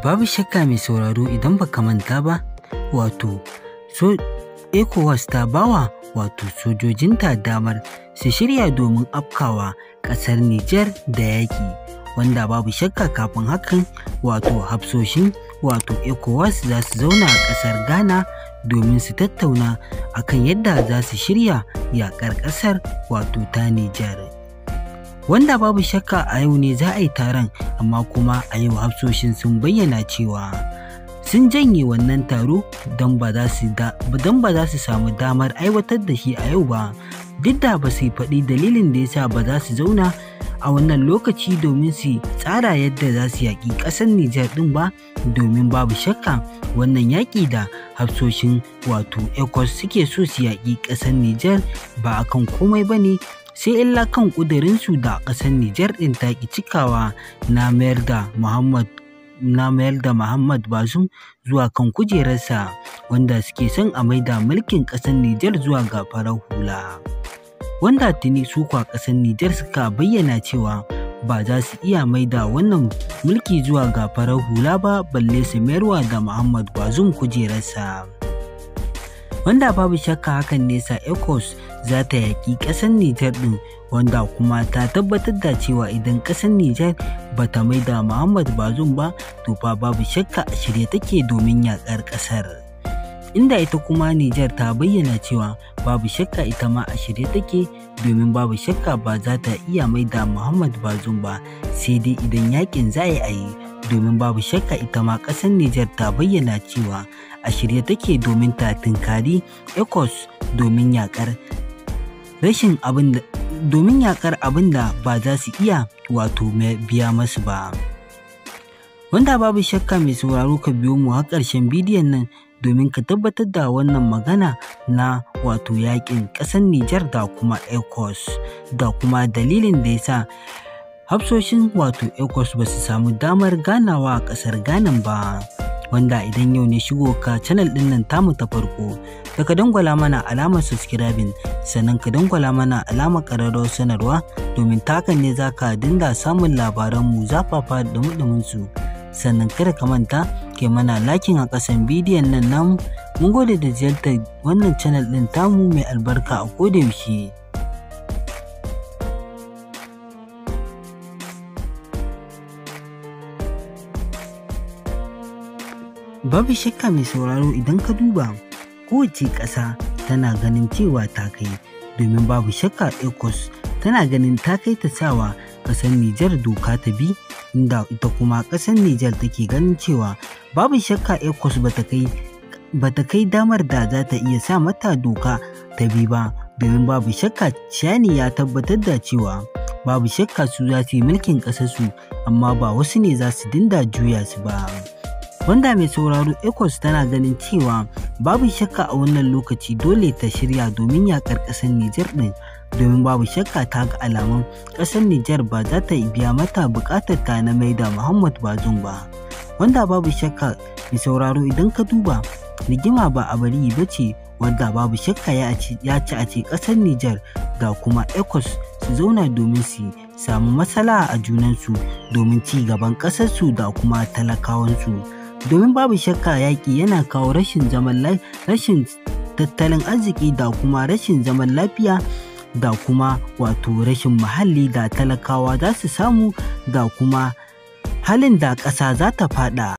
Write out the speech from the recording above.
babu shakka mai sauraro idan ba ka manta ba wato so ecowas ta bawa wato sojojinta damar su shirya domin afkawa ƙasar Nijar da yaƙi wanda babu shakka kafin hakan wato hafsoshin wato ecowas za su zauna a ƙasar ghana domin su tattauna akan yadda za su shirya yaƙar ƙasar wato ta Nijar. wanda babu shakka a yau ne za a yi taron amma kuma a yau hafsoshin sun bayyana cewa sun janye wannan taro don ba za su samu damar aiwatar da shi a yau ba duk da ba su faɗi dalilin da ya sa ba za su zauna a wannan lokaci domin su tsara yadda za su yaƙi ƙasar Nijar ɗin ba domin babu shakka wannan yaƙi da hafsoshin wato ecos suke so su yaƙi ƙasar Nijar ba akan komai ba ne sai illa kan ƙudurinsu da ƙasar Nijar ɗin ta ki cikawa na mayar da Muhammad na mayar da Muhammad Bazum zuwa kan kujerarsa wanda suke son a da mulkin ƙasar Nijar zuwa ga farar hula. Wanda tuni su kwa ƙasar Nijar suka bayyana cewa ba za su iya mai da wannan mulki zuwa ga farar hula ba balle su mayarwa da Muhammad Bazum kujerarsa. wanda babu shakka hakan nesa ecos za ta yaƙi ƙasar nijar ɗin wanda kuma ta tabbatar da cewa idan ƙasar nijar ba ta da muhammad bazum ba to fa babu shakka a shirye take domin yaƙar ƙasar inda ita kuma nijar ta bayyana cewa babu shakka ita ma a shirye take domin babu shakka ba za ta iya da muhammad bazum ba sai dai idan yaƙin za a yi domin babu shakka ita ma ƙasar nijar ta bayyana cewa a shirye take domin ta tunkari ecos domin yakar rashin abin domin yakar abin ba za su iya wato biya masu ba wanda babu shakka mai sauraro ka biyo mu har ƙarshen bidiyon nan domin ka tabbatar da wannan magana na wato yakin ƙasar Nijar da kuma ECOS da kuma dalilin da yasa hafsoshin wato ecos ba su samu damar ganawa a ƙasar Ghana ba. wanda idan yau ne shigo ka channel din nan tamu ta farko da ka dangwala mana alamar subscribing sannan ka dangwala mana alamar ƙararrawar sanarwa domin takan ne za ka dinga samun mu zafafa da mudumin su sannan kada ka manta ke mana lakin a kasan bidiyon nan namu mun gode da ziyartar wannan channel din tamu mai albarka a kodayaushe. Babu shakka mai sauraro idan ka duba kowace ƙasa tana ganin cewa ta kai domin babu shakka ecos tana ganin ta kai ta sawa ƙasar Nijar doka ta bi inda ita kuma ƙasar Nijar take ganin cewa babu shakka ecos bata kai kai damar da za ta iya sa mata doka ta bi ba domin babu shakka shani ya tabbatar da cewa babu shakka su za su yi mulkin ƙasarsu amma ba wasu ne za su dinda juya su ba. wanda mai sauraro ecos tana ganin cewa babu shakka a wannan lokaci dole ta shirya domin yakar ƙasar nijar ɗin domin babu shakka ta ga alamun ƙasar nijar ba za ta biya mata bukatar ta na maida muhammad bazum ba wanda babu shakka mai sauraro idan ka duba rigima ba a bari ba ce wanda babu shakka ya ci a ce ƙasar Nijar da kuma Ecos su zauna domin su samu matsala a junansu domin ci gaban ƙasarsu da kuma talakawansu. domin babu shakka yaƙi yana kawo rashin zaman rashin tattalin arziki da kuma rashin zaman lafiya da kuma wato rashin muhalli da talakawa za su samu da kuma halin da ƙasa za ta faɗa.